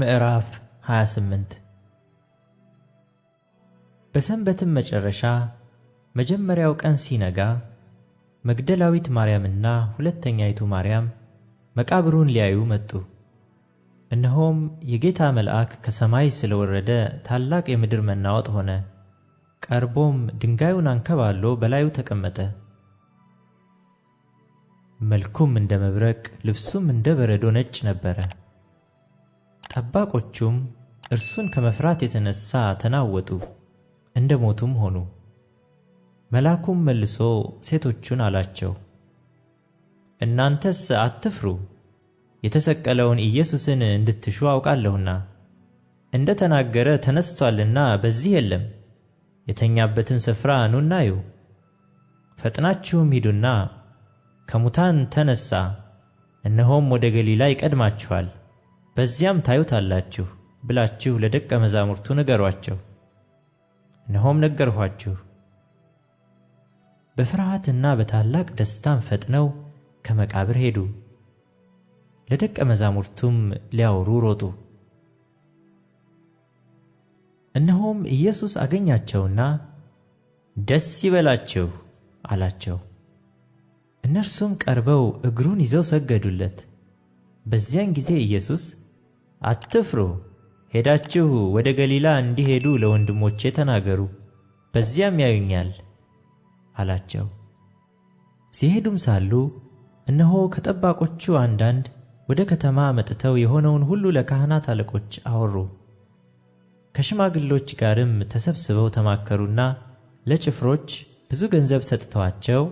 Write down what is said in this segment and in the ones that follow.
ምዕራፍ 28 በሰንበትም መጨረሻ መጀመሪያው ቀን ሲነጋ መግደላዊት ማርያምና ሁለተኛይቱ ማርያም መቃብሩን ሊያዩ መጡ። እነሆም የጌታ መልአክ ከሰማይ ስለወረደ ታላቅ የምድር መናወጥ ሆነ። ቀርቦም ድንጋዩን አንከባሎ በላዩ ተቀመጠ። መልኩም እንደ መብረቅ፣ ልብሱም እንደ በረዶ ነጭ ነበረ። ጠባቆቹም እርሱን ከመፍራት የተነሳ ተናወጡ፣ እንደ ሞቱም ሆኑ። መልአኩም መልሶ ሴቶቹን አላቸው፣ እናንተስ አትፍሩ፤ የተሰቀለውን ኢየሱስን እንድትሹ አውቃለሁና እንደ ተናገረ ተነሥቶአልና በዚህ የለም። የተኛበትን ስፍራ ኑና እዩ። ፈጥናችሁም ሂዱና ከሙታን ተነሣ፣ እነሆም ወደ ገሊላ ይቀድማችኋል በዚያም ታዩታላችሁ ብላችሁ ለደቀ መዛሙርቱ ንገሯቸው። እነሆም ነገርኋችሁ። በፍርሃትና በታላቅ ደስታም ፈጥነው ከመቃብር ሄዱ፣ ለደቀ መዛሙርቱም ሊያወሩ ሮጡ። እነሆም ኢየሱስ አገኛቸውና ደስ ይበላችሁ አላቸው። እነርሱም ቀርበው እግሩን ይዘው ሰገዱለት። በዚያን ጊዜ ኢየሱስ አትፍሩ፣ ሄዳችሁ ወደ ገሊላ እንዲሄዱ ለወንድሞቼ ተናገሩ፣ በዚያም ያዩኛል አላቸው። ሲሄዱም ሳሉ እነሆ ከጠባቆቹ አንዳንድ ወደ ከተማ መጥተው የሆነውን ሁሉ ለካህናት አለቆች አወሩ። ከሽማግሎች ጋርም ተሰብስበው ተማከሩና ለጭፍሮች ብዙ ገንዘብ ሰጥተዋቸው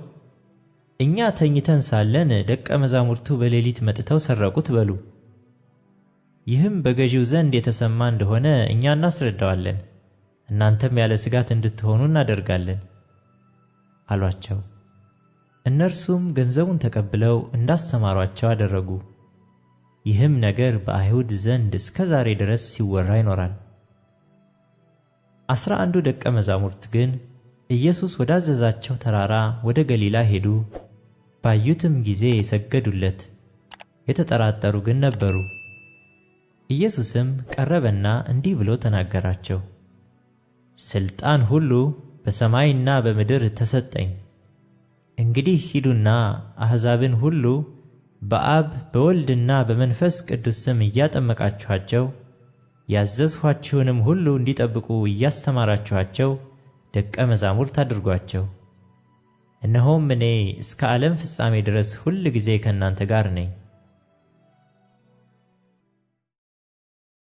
እኛ ተኝተን ሳለን ደቀ መዛሙርቱ በሌሊት መጥተው ሰረቁት በሉ ይህም በገዢው ዘንድ የተሰማ እንደሆነ እኛ እናስረዳዋለን፣ እናንተም ያለ ስጋት እንድትሆኑ እናደርጋለን አሏቸው። እነርሱም ገንዘቡን ተቀብለው እንዳስተማሯቸው አደረጉ። ይህም ነገር በአይሁድ ዘንድ እስከ ዛሬ ድረስ ሲወራ ይኖራል። አስራ አንዱ ደቀ መዛሙርት ግን ኢየሱስ ወዳዘዛቸው ተራራ ወደ ገሊላ ሄዱ። ባዩትም ጊዜ የሰገዱለት፣ የተጠራጠሩ ግን ነበሩ። ኢየሱስም ቀረበና እንዲህ ብሎ ተናገራቸው፣ ሥልጣን ሁሉ በሰማይና በምድር ተሰጠኝ። እንግዲህ ሂዱና አሕዛብን ሁሉ በአብ በወልድና በመንፈስ ቅዱስ ስም እያጠመቃችኋቸው ያዘዝኋችሁንም ሁሉ እንዲጠብቁ እያስተማራችኋቸው ደቀ መዛሙርት አድርጓቸው። እነሆም እኔ እስከ ዓለም ፍጻሜ ድረስ ሁል ጊዜ ከእናንተ ጋር ነኝ